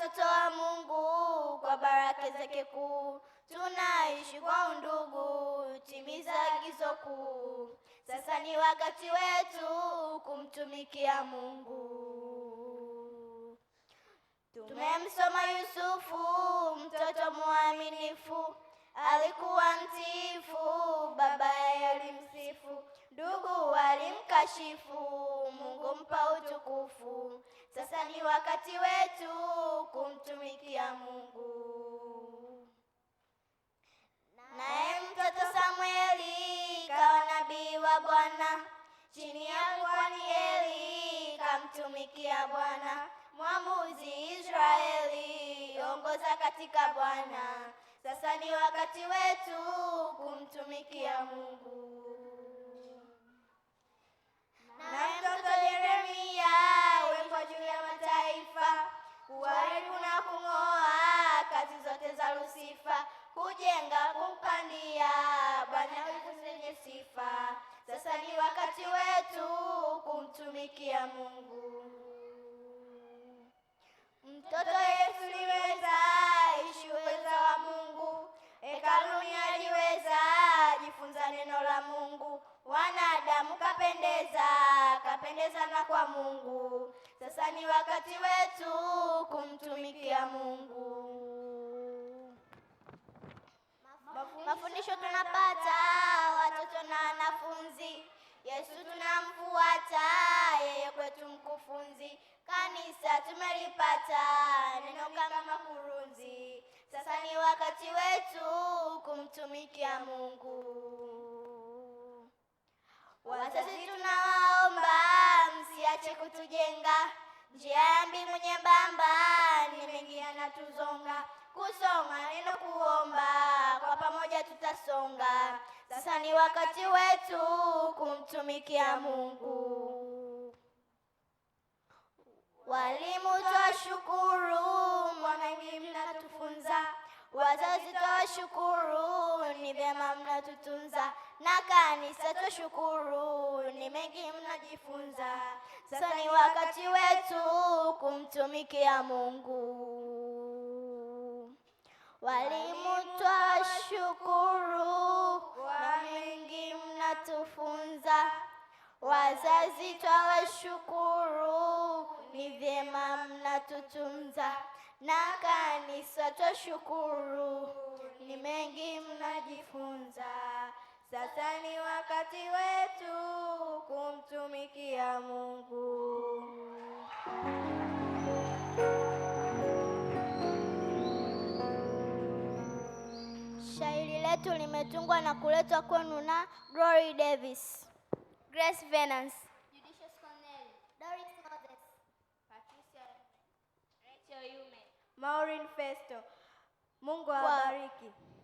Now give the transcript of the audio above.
watoto wa Mungu kwa baraka zake kuu, tunaishi kwa undugu, timiza agizo kuu. Sasa ni wakati wetu kumtumikia Mungu. Tumemsoma Yusufu, mtoto mwaminifu, alikuwa mtiifu, baba yalimsifu alimsifu ndugu wa kashifu, Mungu mpa utukufu. Sasa ni wakati wetu kumtumikia Mungu. Naye mtoto Samueli kawa nabii wa Bwana, chini ya kuhani Eli kamtumikia Bwana. Mwamuzi Israeli, ongoza katika Bwana. Sasa ni wakati wetu kumtumikia Mungu. wakati wetu kumtumikia Mungu. Mtoto Yesu liweza ishi uweza wa Mungu, hekaluni aliweza jifunza neno la Mungu, wanadamu kapendeza, kapendeza na kwa Mungu. Sasa ni wakati wetu kumtumikia Mungu. Mafundisho tunapata watoto na wanafunzi Yesu tunamfuata, yeye kwetu mkufunzi. Kanisa tumelipata neno kama makurunzi. Sasa ni wakati wetu kumtumikia Mungu. Sasa ni wakati wetu kumtumikia Mungu. Walimu twashukuru, mwana mnatufunza. Wazazi twashukuru, ni vyema mnatutunza. Na kanisa twashukuru, ni mengi mnajifunza. Sasa ni wakati wetu kumtumikia Mungu. Walimu twashukuru wanatufunza, wazazi twawashukuru, ni vyema mnatutunza, na kanisa twashukuru, ni mengi mnajifunza. Sasa ni wakati wetu kumtumiki letu limetungwa na kuletwa kwenu na Glory Davis, Grace Venance, Judicious Cornell, Doris Moses, Patricia Rachel Yume, Maureen Festo. Mungu awabariki. wow.